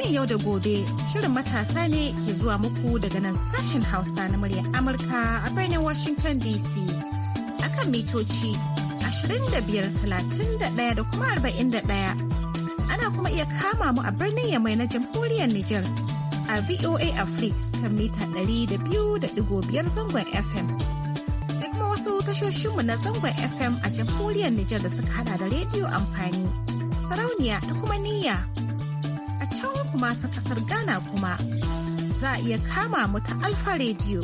Shirin yau da gobe shirin matasa ne ke zuwa muku daga nan sashen Hausa na muryar Amurka a birnin Washington DC. Akan mitoci 25,31 da kuma 41. Ana kuma iya kama mu a birnin Yamai na jamhuriyar Nijar a VOA Africa kan mita 200.5 zangon FM. Sai kuma wasu tashoshinmu na zangon FM a jamhuriyar Nijar da suka hada da rediyo amfani, sarauniya da kuma niyya. kuma masu kasar Ghana kuma za a iya kama mu ta Alfa rediyo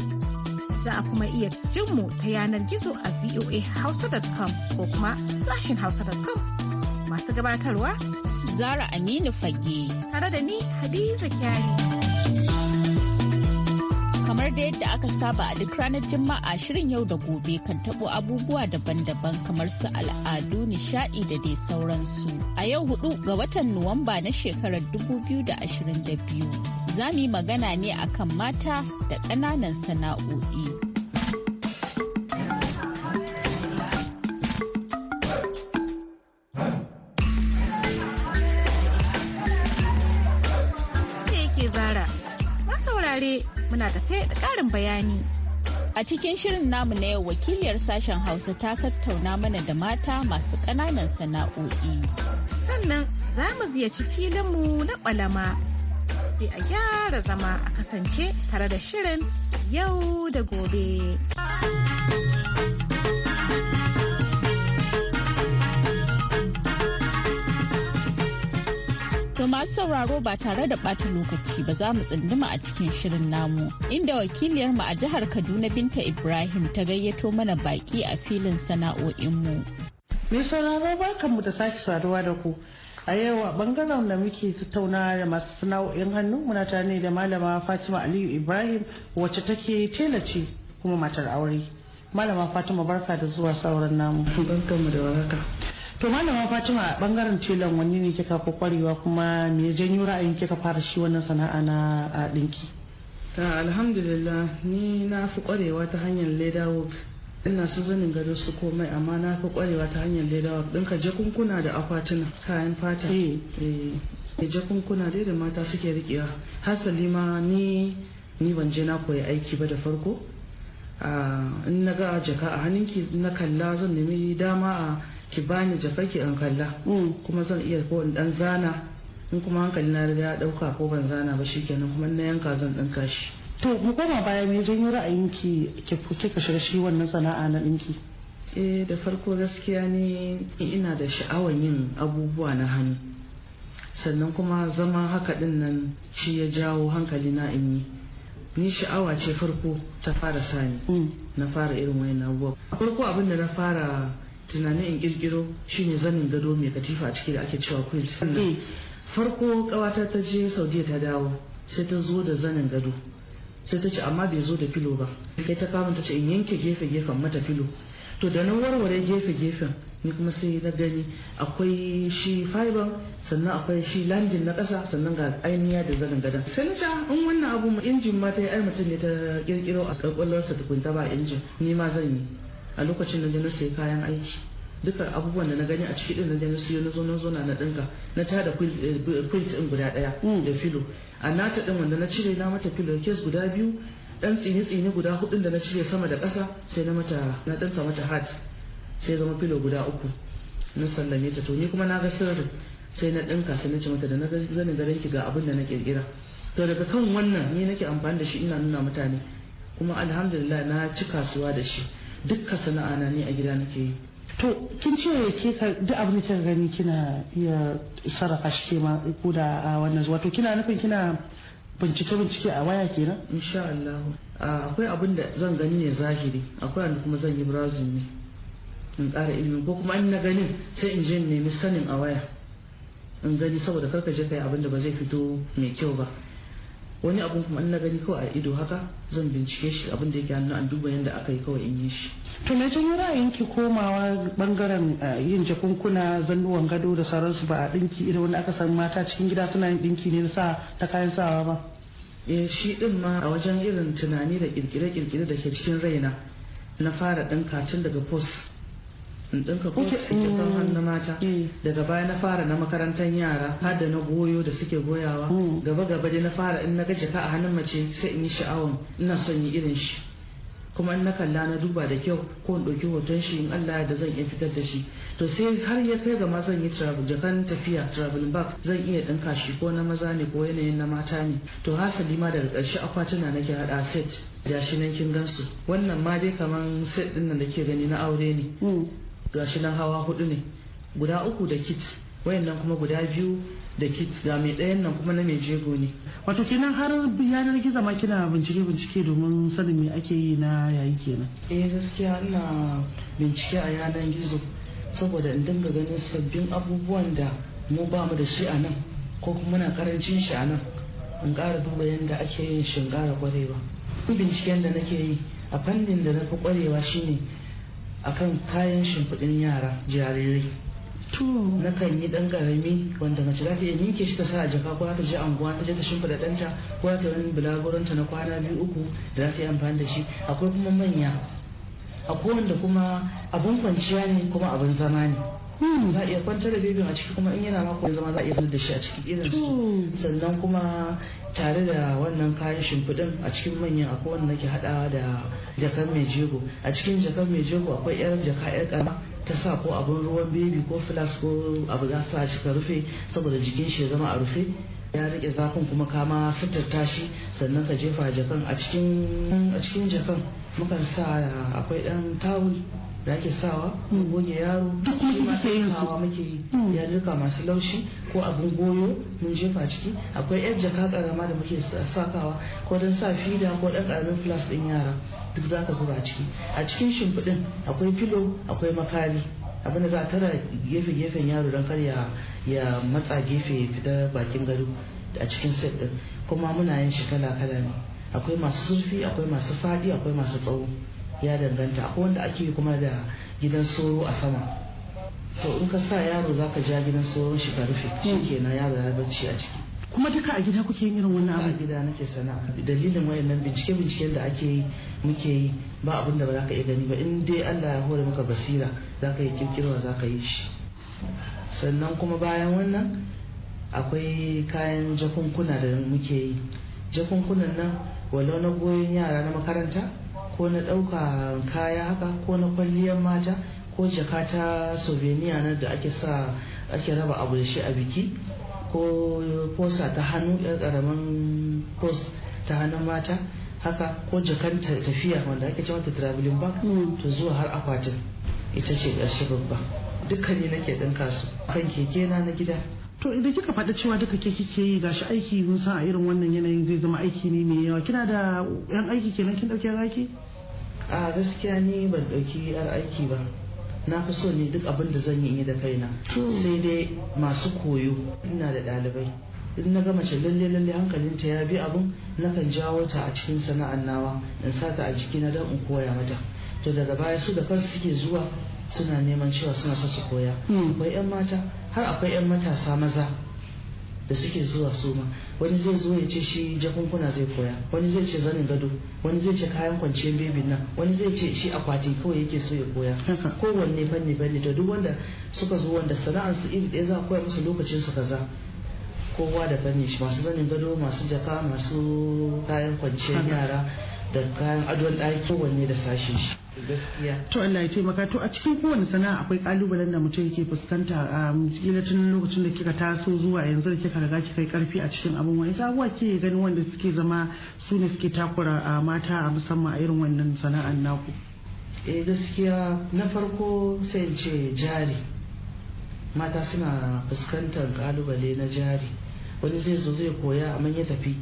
Za a kuma iya jin mu ta yanar gizo a voahausa.com ko kuma sashin hausa.com. Masu gabatarwa Zara Aminu Fage. Tare da ni Hadiza Kyari. kamar da yadda aka saba a duk ranar Juma'a shirin yau da gobe kan tabo abubuwa daban-daban kamar su al'adu, nishaɗi da dai sauransu. A yau hudu ga watan Nuwamba na shekarar 2022. Za mu yi magana ne akan mata da ƙananan sana'o'i. muna tafe da ƙarin bayani. A cikin shirin namu na yau wakiliyar sashen Hausa ta tattauna mana da mata masu ƙananan sana'o'i. Sannan za mu ziyarci filinmu na ƙwalama sai a gyara zama a kasance tare da shirin yau da gobe. To masu sauraro ba tare da ɓata lokaci. bashi ba za mu tsunduma a cikin shirin namu inda wakiliyarmu a jihar Kaduna Binta Ibrahim ta gayyato mana baki a filin sana'o'inmu. Mai sauraro barkanmu da sake saduwa da ku. a yau a bangaren da muke tattaunawa da masu sana'o'in hannu muna tare ne da malama fatima aliyu ibrahim wacce take telace kuma matar aure malama fatima barka da zuwa sauran namu to malama fatima a bangaren telan wani ne kika ko kwarewa kuma me janyo ra'ayin kika fara shi wannan sana'a na dinki ta alhamdulillah ni na fi kwarewa ta hanyar leda work ina su zanin gado su komai amma na fi kwarewa ta hanyar leda work ɗinka jakunkuna da akwatuna kayan fata eh. Eh, eh, jakunkuna dai da mata suke rikewa hasali ma ni ni ban je na koyi aiki ba da farko ah, in na ga jaka a hannunki na kalla zan nemi dama a ki bani jaka ki in kalla mm. kuma zan iya ko in dan zana in kuma hankali na riga ya dauka ko ban zana ba shikenan kuma na yanka zan dan kashi. to mu koma baya me janyo ra'ayin ki fuke ka shiga shi wannan sana'a na dinki eh da farko gaskiya ne ina da sha'awar yin abubuwa na hannu sannan kuma zama haka din nan shi ya jawo hankali na in yi ni sha'awa ce farko ta fara sani mm. na fara irin wayan abubuwa farko abin da na fara tunanin in kirkiro shine zanin gado mai katifa a ciki da ake cewa quilt mm. farko kawata ta je saudiya ta dawo sai ta zo da zanin gado sai ta ce amma bai zo da filo ba kai ta kama ta ce in yanke gefe gefen mata filo to da na warware gefe gefen ni kuma sai na gani akwai shi fiber sannan akwai shi landin na kasa sannan ga ainiya da zanin gadon sai na ce ah, in wannan abu injin ma ta yi mutum ne ta kirkiro a ƙarƙwallonsa tukunta ba injin ni ma zan yi a lokacin da na sai kayan aiki duka abubuwan da na gani a ciki din da na siyo na zo na zo na dinka na da quilt eh, din guda daya mm. da filo a ta din wanda na cire na mata filo kes guda biyu dan tsini tsini guda hudu da na cire sama da kasa sai na mata na dinka mata hat sai zama filo guda uku na sallame ta to ni kuma na ga sirrin sai na dinka sai na ce mata da na ga zanin garin ki ga abin da na kirkira to daga kan wannan ni nake amfani da shi ina nuna mutane kuma alhamdulillah na ci kasuwa da shi dukkan sana'a na ni a gida nake yi to kin ce ke ka duk abin da gani kina iya sarrafa shi ke ma ko da a wannan wato kina nufin kina bincike bincike a waya kenan insha Allah akwai abin da zan gani ne zahiri akwai wanda kuma zan yi browsing ne in ƙara ilimin ko kuma in na ganin sai in je nemi sanin a waya in gani saboda karka je kai abin da ba zai fito mai kyau ba wani abun kuma in na gani kawai a ido haka zan bincike shi abin da yake hannu an duba yadda aka yi kawai in yi shi to na ra'ayin ki komawa bangaren eh, yin jakunkuna zannuwan gado da sauransu ba a dinki idan wani aka san mata cikin gida suna yin dinki ne sa ta kayan sawa ba eh shi din ma a wajen irin tunani da kirkire-kirkire da ke cikin raina na fara ɗinka katin daga post in dinka ko hannu mm, mata mm. daga baya na fara na makarantar yara har da na goyo da suke goyawa mm. gaba gaba dai na fara in na ga jaka a hannun mace sai in yi sha'awan ina son yi irin shi kuma in na kalla na duba da kyau ko in ɗauki hoton shi in Allah da zan iya fitar da shi to sai har ya kai ga ma zan yi travel jakan tafiya travel bank zan iya ɗinka shi ko na maza ne ko yanayin na mata ne to hasali ma daga ƙarshe akwatuna nake haɗa set gashi nan kin gansu wannan ma dai kaman set ɗin nan da ke gani na aure ne gashi nan hawa hudu ne guda uku da kit wayannan kuma guda biyu da kit ga mai ɗayan nan kuma na mai jego ne wato kenan har yanar gizo ma kina bincike bincike domin sanin me ake yi na yayi kenan eh gaskiya ina bincike a yanar gizo saboda in dinga ganin sabbin abubuwan da mu ba mu da shi a nan ko kuma muna karancin shi a nan in ƙara duba yadda ake yin shin kwarewa ƙwarewa binciken da nake yi a fannin da na fi kwarewa shine akan kayan shimfiɗin yara jarirai na kan yi dan karami wanda mace za ta iya ninke shi ta sa a jaka ko ta je anguwa ta je ta shimfiɗa ɗanta ko ta wani na kwana biyu uku da za ta yi amfani da shi akwai kuma manya akwai wanda kuma abin kwanciya ne kuma abin zama ne Hmm. za a iya kwantar da bebin a ciki kuma in yana mako zama za a iya sanar da shi a cikin irin su hmm. sannan kuma tare da wannan kayan shimfiɗin a cikin manyan akwai wanda nake haɗawa da jakar mai jego a cikin jakar mai jego akwai yar jaka yar ƙarama ta sa ko abin ruwan bebi ko filas ko abu za sa shi ka rufe saboda jikin shi ya zama a rufe ya rike zafin kuma kama suturta shi sannan ka jefa jakan a cikin jakan mukan sa akwai dan tawul da ake sawa goge yaro duk muke yin su muke yi hmm. rika masu laushi ko abin goyo mun jefa ciki akwai yar jaka karama da muke sakawa ko don sa fida ko dan karamin filas din yara duk zaka zuba ciki a cikin shimfiɗin akwai filo akwai makari abin da za a tara gefe gefen yaro don kar ya matsa gefe fita bakin gari a cikin set din kuma muna yin shi kala kala ne akwai masu surfi akwai masu fadi akwai masu tsawo ya danganta akwai wanda ake kuma da gidan soro a sama so in ka sa yaro za ka ja gidan soron shi ka rufe hmm. shikenan yaro ya barci a ciki kuma duka a gida kuke yin irin wannan abin gida nake sana'a dalilin wayannan bincike binciken da ake yi muke yi ba abin da ba za ka yi gani ba in dai Allah ya hore maka basira za ka yi kirkirwa za ka yi shi sannan kuma bayan wannan akwai kayan jakunkuna da muke yi jakunkunan nan walau na goyon yara na makaranta ko na ɗauka kaya haka ko na kwalliyar mata ko jaka ta souvenir na da ake sa ake raba abu da shi a biki ko posa ta hannu yar karamin post ta hannun mata haka ko jakan tafiya wanda ake cewa ta traveling bag hmm. to zuwa har akwatin ita ce ƙarshe babba dukkan ne nake dinka su kan keke na na gida to idan kika faɗa cewa duka ke kike yi gashi aiki mun san a irin wannan yanayin zai zama aiki ne mai yawa kina da yan aiki kenan kin ɗauki aiki a gaskiya ni ban ɗauki yar aiki ba na fi so ne duk abin da zan yi da kaina sai dai masu koyo ina da ɗalibai in na ga mace lalle lalle hankalinta ya bi abin kan jawo ta a cikin sana'an nawa in sa ta a jiki na don in koya mata to daga baya su da kansu suke zuwa suna neman cewa suna so su koya hmm. akwai yan mata har akwai yan matasa maza da suke zuwa su ma wani zai zo ya ce shi jakunkuna zai koya wani zai ce zanin gado wani zai ce kayan kwanciyar bebin nan wani zai ce shi akwati kawai yake so ya koya kowanne fanni fanni to duk wanda suka zo wanda sana'ar su iri ɗaya za a koya musu lokacin su kaza kowa da fanni shi masu zanin gado masu jaka masu kayan kwanciyar yara da kayan adon ɗaki wanne da sashi shi to Allah ya taimaka to a cikin kowane sana'a akwai kalubalen da mutum yake fuskanta a um, kila tun lokacin da kika taso zuwa yanzu da kika riga kika yi karfi a cikin abin wani abubuwa ke gani wanda suke zama su ne suke takura a mata a musamman a irin wannan sana'an naku eh gaskiya na farko sai in ce jari mata suna fuskantar kalubale na jari wani zai zo zai koya amma ya tafi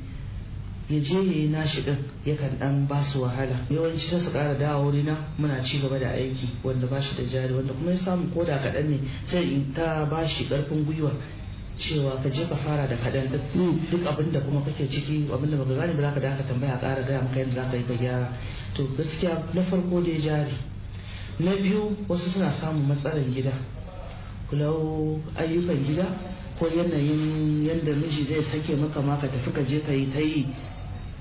ya je ya yi nashi din yakan ɗan ba su wahala yawanci ta su kara dawo na muna ci gaba da aiki wanda ba shi da jari wanda kuma ya samu ko da kaɗan ne sai in ta ba shi ƙarfin gwiwa cewa ka je ka fara da kaɗan duk abin da kuma kake ciki abin da baka gane ba za ka da tambaya ƙara gaya maka yadda za ka yi ka gyara to gaskiya na farko dai jari na biyu wasu suna samun matsalar gida kulau ayyukan gida ko yanayin yadda miji zai sake maka ma ka tafi ka je ka yi ta yi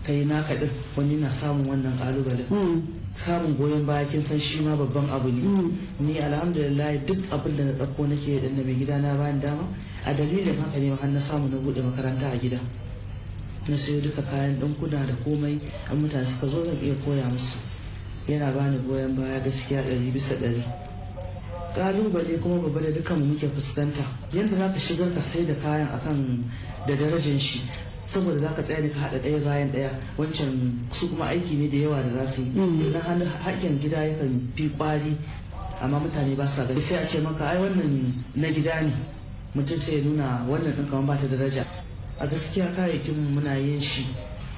ta yi naka din wani na samun wannan kalubalen hmm. samun goyon baya kin san shi ma babban abu ne hmm. ni alhamdulillah duk abin da na ɗauko nake da mai gida na bayan dama a dalilin haka ne har na samu na buɗe makaranta a gida na sayo duka kayan kuna da komai an mutane suka zo zan iya koya musu yana bani goyon baya gaskiya ɗari bisa ɗari kalubale kuma babba da dukkan mu muke fuskanta yadda za shigar ka sai da kayan akan da darajar shi saboda za ka tsaya da ka haɗa ɗaya bayan ɗaya wancan su kuma aiki ne da yawa da za su yi mm. idan hannun haƙƙin gida yakan fi ƙwari amma mutane ba sa gani sai a ce maka ai wannan na gida ne mutum sai ya nuna wannan ɗin kamar ba ta daraja a gaskiya kayayyakin muna yin shi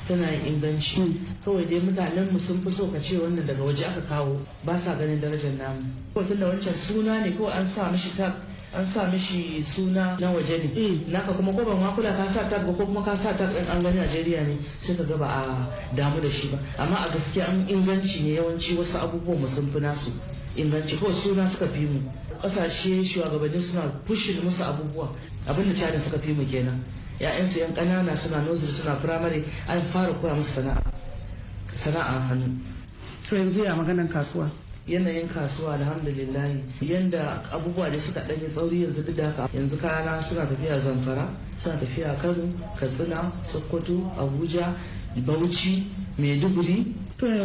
tana yin inganci hmm. kawai dai mutanen mu sun fi so ka ce wannan daga waje aka kawo ba sa ganin darajar namu kawai tunda wancan suna ne ko an sa mishi tag an sa mishi suna na waje ne hmm. naka kuma ko ban kula ka sa tag ko kuma ka sa tag ɗin an gani Najeriya ne sai ka ga ba a damu da shi ba amma a gaskiya an inganci ne yawanci wasu abubuwan mu sun fi nasu inganci ko suna suka fi mu kasashe shugabanni suna pushin musu abubuwa abinda China suka fi mu kenan 'ya'yansu 'yan ƙanana suna nozir suna firamare an fara koya musu sana'a sana'a hannu to yanzu ya maganan kasuwa yanayin kasuwa alhamdulillah yanda abubuwa da suka ɗanyi tsauri yanzu duk da haka yanzu kayana suna tafiya zamfara suna tafiya kano katsina sokoto abuja bauchi maiduguri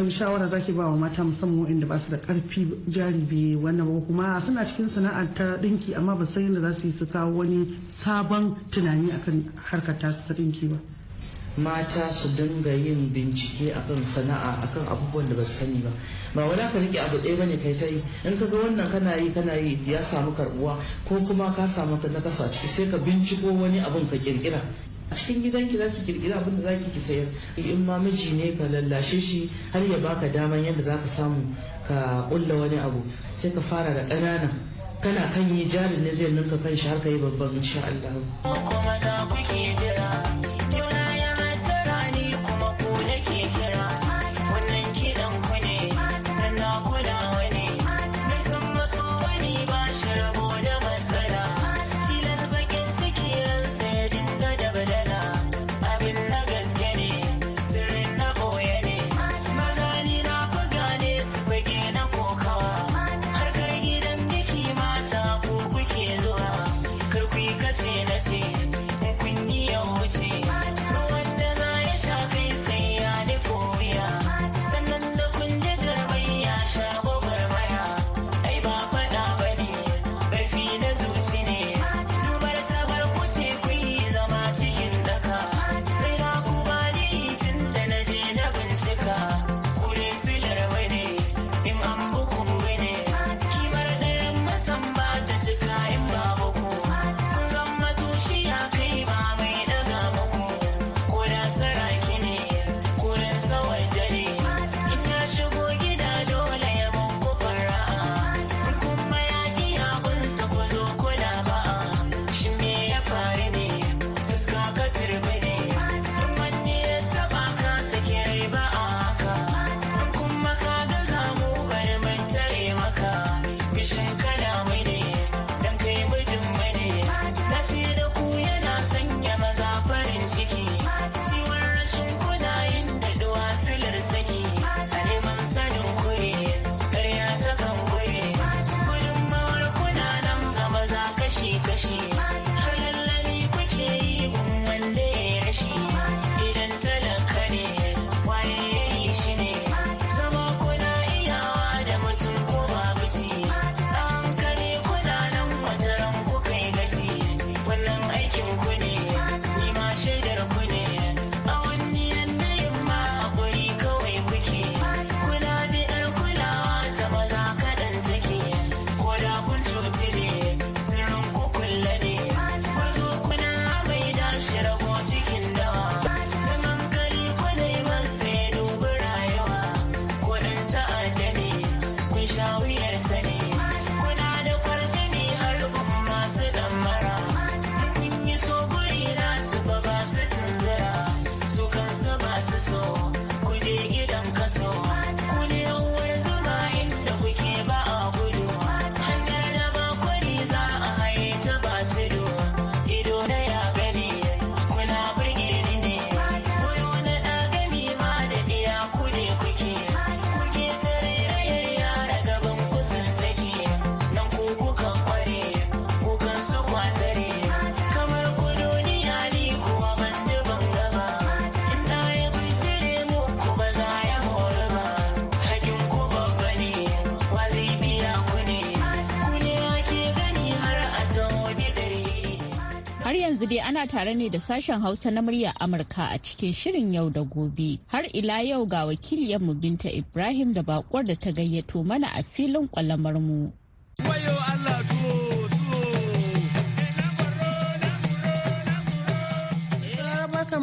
shawara zaki ba wa mata musamman inda ba su da karfi jari wannan ba kuma suna cikin sana'ar ta dinki amma ba san yadda za su yi su kawo wani sabon tunani akan harkar ta su ta dinki ba mata su dinga yin bincike akan sana'a akan abubuwan da ba su sani ba ba wani aka rike abu ɗaya bane kai ta yi in ka ga wannan kana yi kana yi ya samu karbuwa ko kuma ka samu ta nakasa ciki sai ka binciko wani abun ka kirkira a cikin gidanki za ki kirkira abin da za ki ki sayar eh, in ma miji ne ka lallashe shi har ya baka daman yadda za ka samu ka kulla wani abu sai ka fara da ƙanana kana kan yi jarin ne zai ninka kan shi har ka yi babban insha Allah. yanzu dai ana tare ne da sashen Hausa na murya Amurka a cikin shirin yau da gobe. Har ila yau ga mu Binta Ibrahim da bakwar da ta gayyato mana a filin kwalamar mu.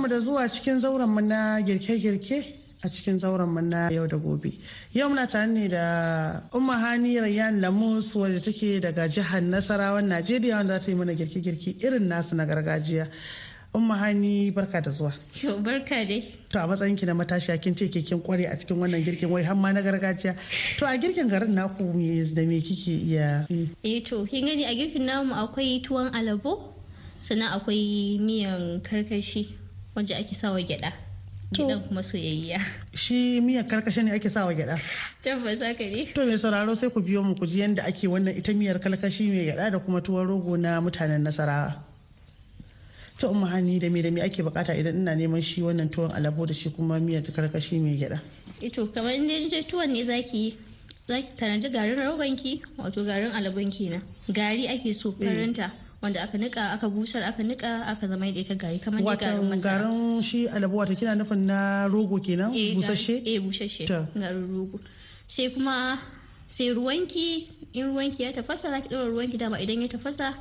da zuwa cikin zauren mu na girke-girke a cikin zauren mu na yau da gobe. Yau muna tare ne da Umma Hani Rayyan Lamus wadda take daga jihar nasarawa Najeriya wanda za ta yi mana girki girki irin nasu na gargajiya. Umma Hani barka da zuwa. Yau barka dai. To a matsayin ki na matashiya kin ce ke kin kware a cikin wannan girkin wai har ma na gargajiya. To a girkin garin naku me da me kike iya? Eh to kin gani a girkin namu akwai tuwon alabo sannan akwai miyan karkashi wanda ake sawa gyada. gidan kuma soyayya shi miyar karkashin ne ake sawa gyada tabbas haka ne to mai sauraro sai ku biyo mu ku ji yadda ake wannan ita miyar karkashi mai gyada da kuma tuwon rogo na mutanen nasarawa ta umma hani da me da me ake bukata idan ina neman shi wannan tuwon alabo da shi kuma miyar karkashi mai gyada ito eh kamar inda tuwon ne zaki yi zaki tanaji garin ki wato garin ki na gari ake so karanta wanda aka nika aka busar aka nika aka zama da ita gari kamar da garin masara garin shi alabo wato kina nufin na rogo kenan eh, busasshe eh busasshe garin rogo sai kuma sai ruwanki in ruwanki ya tafasa za ki ɗora ruwanki dama idan ya tafasa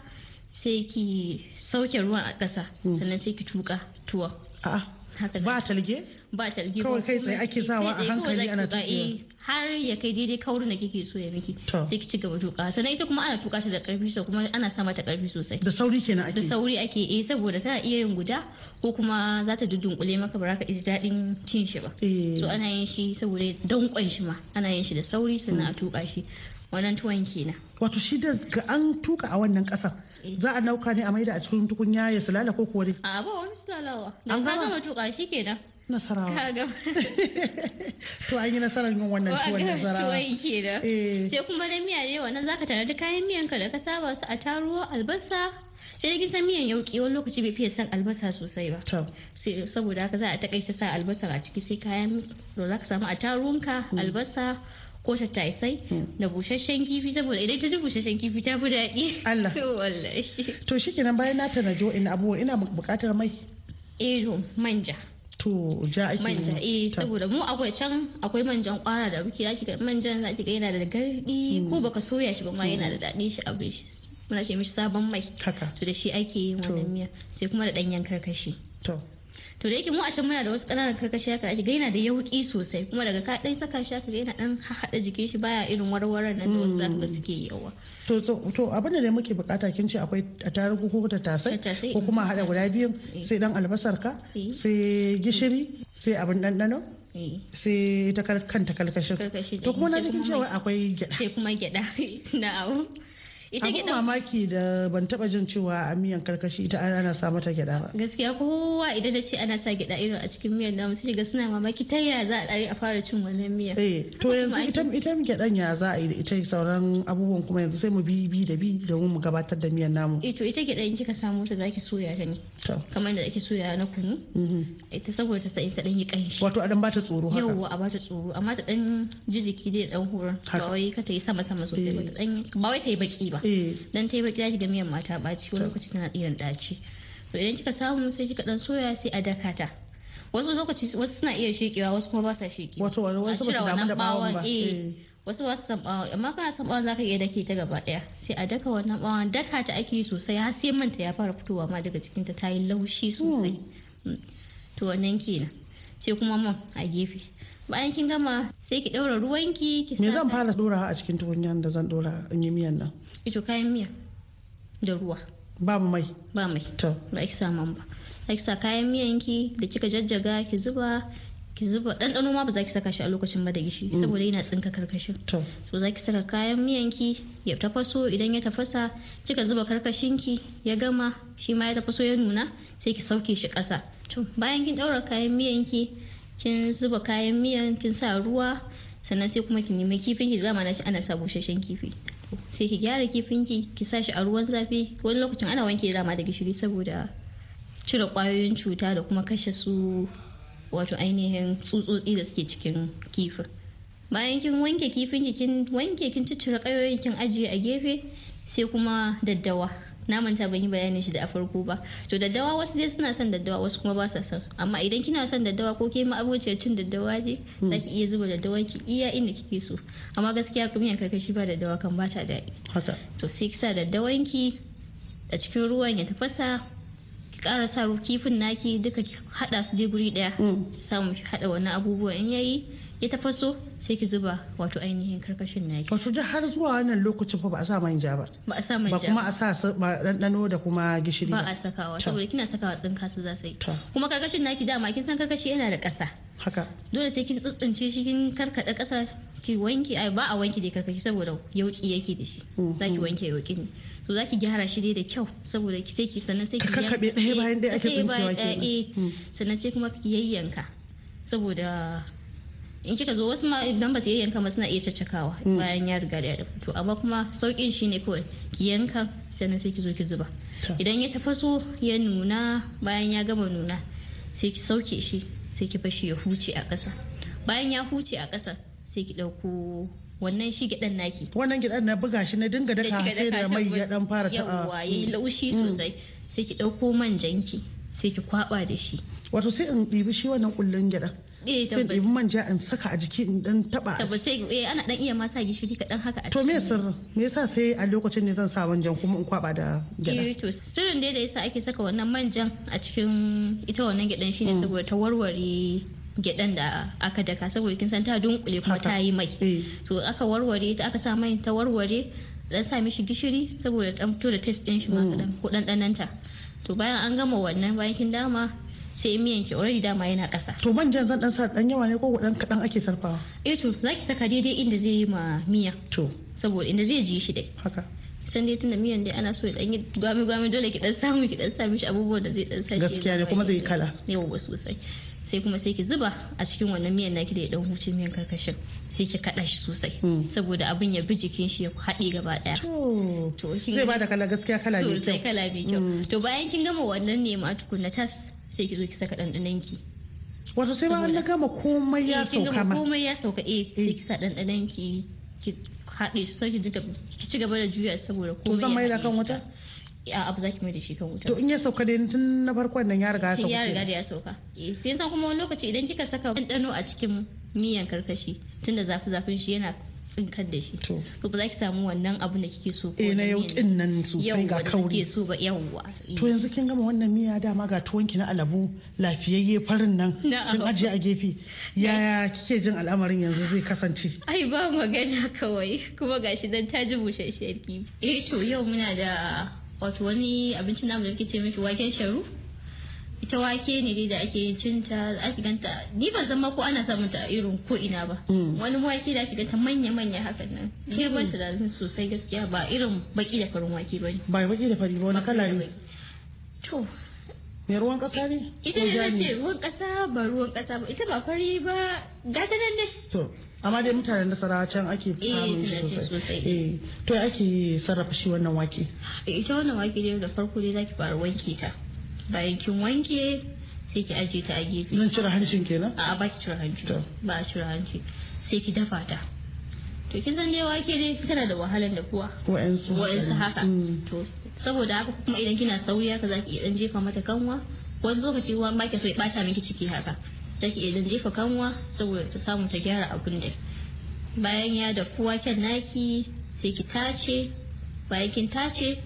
sai ki sauke ruwan a ƙasa hmm. sannan sai ki tuka tuwa a'a ba talge ba talge kawai kai tsaye ake zawa a hankali ana tuƙewa eh, har ya kai daidai kaurin da kike so ya miki sai ki ci gaba tuƙa sannan ita kuma ana tuƙa ta da ƙarfi sosai kuma ana sa mata ƙarfi sosai da sauri kenan ake da sauri ake eh saboda tana iya yin guda ko kuma za ta dudunkule maka ba za ka ji daɗin cin shi ba eh. so ana yin shi saboda danƙon shi ma ana yin shi da sauri sannan a tuƙa shi wannan tuwon kenan wato shi da ga an tuka a wannan kasar eh. za a nauka ne a maida a cikin tukunya ya sulala ko kuwa a ba wani sulalawa an gama tuka shi kenan nasarawa to an yi nasarar yin wannan tuwon nasarawa eh. sai kuma da miya ne wannan zaka tare da kayan miyanka da ka saba su a taruwa albasa sai da gisa miyan yauki wani lokaci bai fiye san albasa sosai ba saboda haka za a takaita sa albasa a ciki sai kayan da za ka samu a tarunka hmm. albasa ko ta sai hmm. da busasshen kifi saboda idan ta ji busasshen kifi ta fi daɗi Allah wallahi to shikenan bayan na jo ina abubuwa ina buƙatar mai eh manja to ja ake manja eh saboda mu akwai can akwai manjan kwara da muke zaki ga manjan zaki ga yana da gardi hmm. ko baka soya shi ba ma yana da hmm. daɗi shi abin shi muna ce mishi sabon mai haka to da shi ake yin wannan miya sai kuma da ɗanyen karkashi to to da yake mu a can muna da wasu ƙananan karkashin haka ake gaina da yauƙi sosai kuma daga ka ɗan saka shi haka yana ɗan haɗa jikin shi baya irin warwaran nan da wasu zaka ga suke yawa to to abin da muke bukata kin ce akwai a tarin ko ta tasai ko kuma haɗa guda biyun eh. sai dan albasar ka eh. sai gishiri sai abin ɗanɗano eh. sai ta kanta kalkashin to kuma na cikin cewa akwai gyada sai kuma gyada na'am ita gyaɗa mamaki da ban taba jin cewa a miyan karkashi ita ana sa mata gida ba gaskiya kowa idan na ce ana sa gida irin a cikin miyan namu sai ga suna mamaki ta yaya za a a fara cin wannan miya eh to yanzu ita ita gyaɗan ya za a yi da ita sauran abubuwan kuma yanzu sai mu bi bi da bi domin mu gabatar da miyan namu eh to ita gyaɗan kika samu ta zaki soya ta ne kamar da ake soya na kunu mm-hmm. ita saboda ta sai ta dan yi kanshi wato a dan bata tsoro haka yawa a bata tsoro amma ta dan jijiki dai dan horon ba wai ka ta yi sama sama sosai ba ta dan ba wai ta yi baki ba Mm. dan ta yi baki zaki ga miyan mata ɓaci wani lokaci tana tsiran daci to idan kika samu sai kika dan soya sai a daka ta wasu lokaci wasu suna iya shekewa wasu kuma ba sa shekewa wato wasu ba su damu da bawon ba eh. mm. wasu ba su san bawon amma kana san bawon zaka iya dake ta gaba daya sai a daka wannan bawon daka ta ake sosai har sai manta ya fara fitowa ma daga cikin ta tayi laushi sosai mm. to wannan kenan sai kuma mun a gefe bayan kin gama sai ki daura ruwanki ki sa me zan fara dora a cikin tukunya da zan ɗora in yi miyan nan ito kayan miya da ruwa ba mai ba mai to ba ki sa man ba ki sa kayan miyanki da kika jajjaga ki zuba ki zuba ɗanɗano ma ba za ki saka shi a lokacin ba da gishi mm. saboda yana tsinka karkashin to so za ki saka kayan miyanki ya tafaso idan ya tafasa kika zuba karkashin ki ya gama shi ma ya tafaso ya nuna sai ki sauke shi ƙasa to bayan kin daura kayan miyanki kin zuba kayan miyan kin sa ruwa sannan sai kuma ki nemi kifin ki zama na shi ana sa busasshen kifi sai ki gyara kifin ki ki sa shi a ruwan zafi wani lokacin ana wanke dama da gishiri saboda cire kwayoyin cuta da kuma kashe su wato ainihin tsutsotsi da suke cikin kifin bayan kin wanke kifin ki kin wanke kin ciccire kayoyin kin ajiye a gefe sai kuma daddawa na manta ban yi bayanin shi da a farko ba to daddawa wasu dai suna son daddawa wasu kuma ba sa son amma idan kina son daddawa ko ke ma abociyar cin daddawa je hmm. za ki iya zuba daddawa ki iya inda kike so amma gaskiya miyan karkashi ba daddawa kan ba ta daɗi haka to sai ki sa daddawan ki a cikin ruwan ya tafasa ki ƙara sa kifin naki duka ki haɗa su dai guri ɗaya hmm. samu ki haɗa wani abubuwan in yayi ita fa so sai ki zuba wato ainihin karkashin naki wato da har zuwa wannan lokacin fa ba a sa manja ba ba a sa manja ba kuma a sa ɗanɗano da kuma gishiri ba a sakawa saboda kina sakawa tsinka su za su yi kuma karkashin naki dama kin san karkashi yana da ƙasa haka dole sai kin tsintsince shi kin karkada ƙasa ki wanke ai ba a wanke da karkashi saboda yauki yake da shi mm-hmm. ki wanke yauki ne so ki gyara shi dai da kyau saboda ki sai ki sannan sai ki kakkabe ɗaya bayan ɗaya ake tsinkewa ke eh. mm. sannan sai kuma ki yayyanka saboda in kika zo wasu ma idan ba su iya yanka ma suna iya caccakawa hmm. bayan ya riga da ya fito amma kuma saukin shi ne kawai ki yanka sannan sai ki zo ki zuba idan ya tafaso ya nuna bayan ya gama nuna sai ki sauke shi sai ki fashi ya huce a ƙasa bayan ya huce a ƙasa sai ki ɗauko wannan shi gidan naki wannan gidan na buga shi na dinga daka sai da mai ya dan fara ta yawa yayi hmm. laushi hmm. sosai sai ki ɗauko manjanki sai ki kwaba da shi wato sai in ɗibi shi wannan kullun gidan ana dan iya ma sa gishiri haka sai a lokacin ne zan sa manjan kuma da eh, da yasa ake saka wannan manjan a cikin ita wannan gyadan shine mm. saboda ta warware gyaɗan da aka daka saboda kin san ta dunkule kuma ta yi mai eh. to aka warware ta aka sa mai ta warware dan sa mishi gishiri saboda dan fito da taste din shi ma mm. kadan ko dan dananta to bayan an gama wannan bayan kin dama sai miyan ki already dama yana ƙasa. To manjan zan dan sa dan yawa ne ko dan kaɗan ake sarfawa? Eh to za ki saka daidai inda zai yi ma miya. To. Saboda inda zai ji shi dai. Haka. san dai tunda miyan dai ana so ya dan yi gwami gwami dole ki dan samu ki dan samu shi abubuwan da zai dan sa gaskiya ne kuma zai kala ne wa sosai sai kuma sai ki zuba a cikin wannan miyan naki da ya dan huce miyan karkashin sai ki kada shi sosai hmm. saboda abin ya bi jikin shi ya haɗe gaba daya to zai bada kala gaskiya kala ne kala ne kyau hmm. to bayan kin gama wannan ne ma tukunna tas sai ki zo ki saka ɗanɗanon ki wato sai ba na gama komai ya eh, sauka ma komai ya sauka eh, eh sai ki sa ɗanɗanon ki ki haɗe su sai ki ci gaba da juya saboda komai ya mai da kan wuta a eh, abu zaki mai da shi kan wuta. To in ya sauka dai tun na farko nan ya riga ya sauka. Ya riga da ya sauka. Sai san kuma wani lokaci idan kika saka ɗanɗano a cikin miyan karkashi tunda zafi zafin shi yana tsinkar da shi to ba za ki samu wannan abu da kike so ko eh, na yau kin nan sosai ga kauri yau ba yawwa to yanzu kin gama wannan miya dama ga tuwon ki na alabu lafiyayye farin nan kin ajiye a gefe yaya kike jin al'amarin yanzu zai kasance ai ba magana kawai kuma gashi dan ta ji bushasshiyar kifi eh to yau muna da wato wani abincin namu da kike ce mishi waken sharu ita wake ne dai da ake cin ta ake ganta ni ban zama ko ana samun ta irin ko ina ba hmm. wani wake da ake ganta manya manya hakan nan girman hmm. ta da sosai gaskiya ba irin baki da farin wake bane ba baki da fari ba wani kala ne to Me ruwan kasa ne ita ne ce ruwan kasa ba ruwan kasa ba ita ba fari ba gata nan dai to amma dai mutanen nasara can ake eh, samun sosai eh, to ake sarrafa shi wannan wake eh, ita wannan wake dai da farko dai zaki fara wanke ta bayan kin wanke sai ki ajiye ta a gefe nan cire hancin kenan A'a ba ki cire hanci ba a cire hanci sai ki dafa ta to kin san dai wake dai tana da wahalan da kuwa wa'ansu haka mm. to saboda haka kuma idan kina sauri haka zaki iya dan jefa mata kanwa wani lokaci ruwan ba ki so ya bata miki ciki haka zaki iya dan jefa kanwa saboda ta samu ta gyara abin da bayan ya da kuwa kyan naki sai ki tace bayan kin tace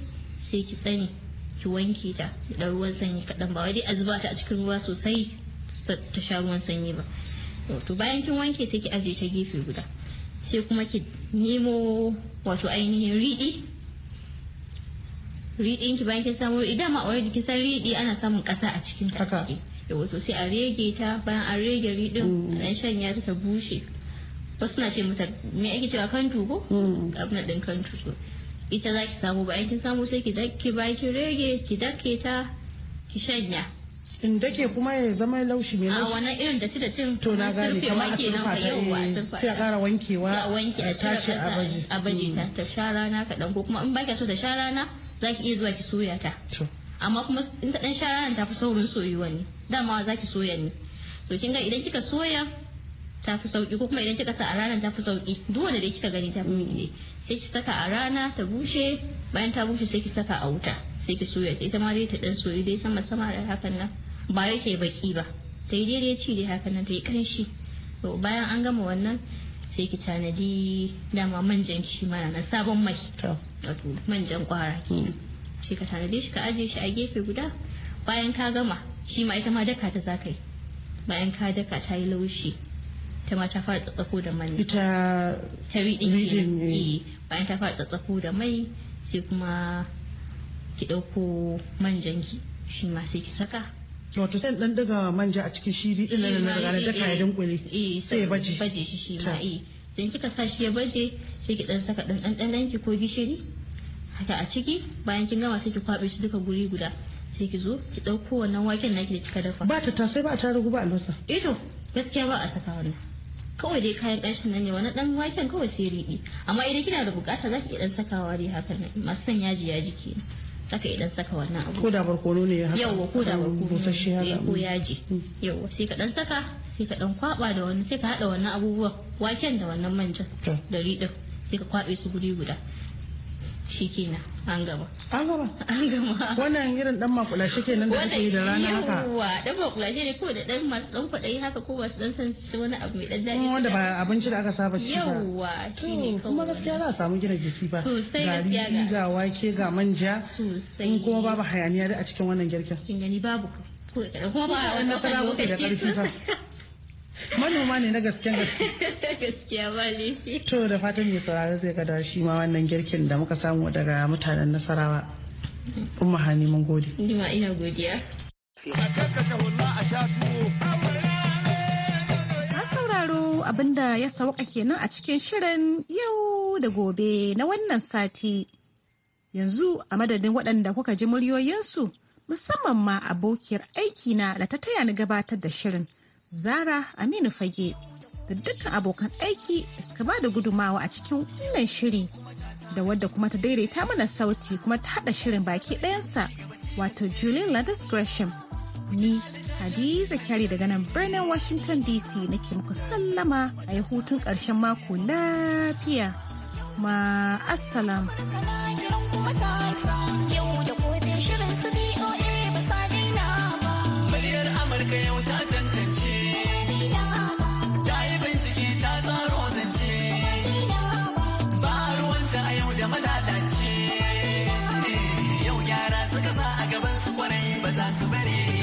sai ki tsani ki wanke ta da ruwan sanyi kadan ba wai dai a zuba ta a cikin ruwa sosai ta sha ruwan sanyi ba to bayan kin wanke sai ki ajiye ta gefe guda sai kuma ki nemo wato ainihin riɗi riɗin ki bayan kin samu riɗi dama already kin san riɗi ana samun ƙasa a cikin ta haka to sai a rege ta bayan an rege riɗin dan mm. shanya ta ta bushe wasu na ce mata me ake cewa kantu ko mm. abin din kantu ita za ki samu bayan kin samu sai ki dake bayan ki rage ki dake ta ki shanya in dake kuma ya zama laushi mai laushi a wannan irin da da cin to na gane kamar a turfa ta yauwa eh, sai a kara wankewa a wanke a tashi a baje a baje ta ta sha rana kaɗan ko kuma in ba so ta sha rana za ki iya zuwa ki soya ta amma kuma in ta dan sha ta fi saurin soyuwa ne dama za ki soya ne to kin ga idan kika soya ta fi sauki ko kuma idan kika sa a rana ta fi sauki duk wanda dai kika gani ta fi miki sai ki saka a rana ta bushe bayan ta bushe sai ki saka a wuta sai ki soya ta ita ma dai ta dan soyi dai sama sama da hakan nan ba ya ce baki ba ta yi daidai ci dai hakan nan ta yi kanshi to bayan an gama wannan sai ki tanadi dama manjan shi mana na sabon mai wato manjan kwara sai ka tanadi shi ka ajiye shi a gefe guda bayan ka gama shi ma ita ma daka ta zakai bayan ka daka ta yi laushi ita ma ta fara tsatsako da mai ita ta ridin eh, bayan ta fara tsatsako da mai sai kuma ki dauko manjan ki shi ma sai ki saka wato sai dan daga manja a cikin shiri din nan na eh, daga kai ya kuli eh. sai baje baje shi shi ma eh dan kika sa shi ya baje sai ki dan saka dan dan ki ko gishiri haka a ciki bayan kin gama sai ki kwabe shi duka guri guda sai ki zo ki dauko wannan waken naki da kika dafa ba ta sai ba ta rugu ba albasa eh to gaskiya ba a saka wannan kawai dai kayan ƙanshin nan ne wani dan waken kawai sai riɓi amma idan kina da bukata za ki iya ɗan sakawa dai hakan nan masu son yaji yaji ke saka idan saka wannan abu ko da barkono ne haka yawa ko da barkono ne ko yaji mm. yawa sai ka dan saka sai ka dan kwaɓa da wani sai ka haɗa wannan abubuwan waken da wannan manjan da riɗin sai ka kwaɓe su guri guda shi kenan an gama an gama an gama wannan irin dan makulashe ke nan da ake yi da rana haka yawa dan makulashe ne ko da dan masu dan kwadayi haka ko masu dan san shi wani abu mai dan dadi mm, wanda ba abinci da aka saba ci ba yawa shine kuma gaskiya za a samu gina jiki ba sosai gaskiya ga ga wake ga manja sosai in kuma babu hayaniya da a cikin wannan girkin kin gani babu ko kuma ba wannan lokaci manoma ne na gasken gaskiya ba ne to da fatan mai sauraro zai gada shi ma wannan girkin da muka samu daga mutanen nasarawa umma hani mun gode ni ma ina godiya sauraro abinda ya sauka kenan a cikin shirin yau da gobe na wannan sati yanzu a madadin waɗanda kuka ji muryoyinsu musamman ma abokiyar aikina da ta taya ni gabatar da shirin Zara Aminu Fage da dukkan abokan aiki da suka ba da gudumawa a cikin wannan shiri da wadda kuma ta daidaita mana sauti kuma ta haɗa shirin baki ɗayansa wato Julian Ladas Gresham. Ni Hadiza Kyari daga nan birnin Washington DC nake muku sallama a yi hutun ƙarshen mako lafiya. Ma su kwarai ba za su bare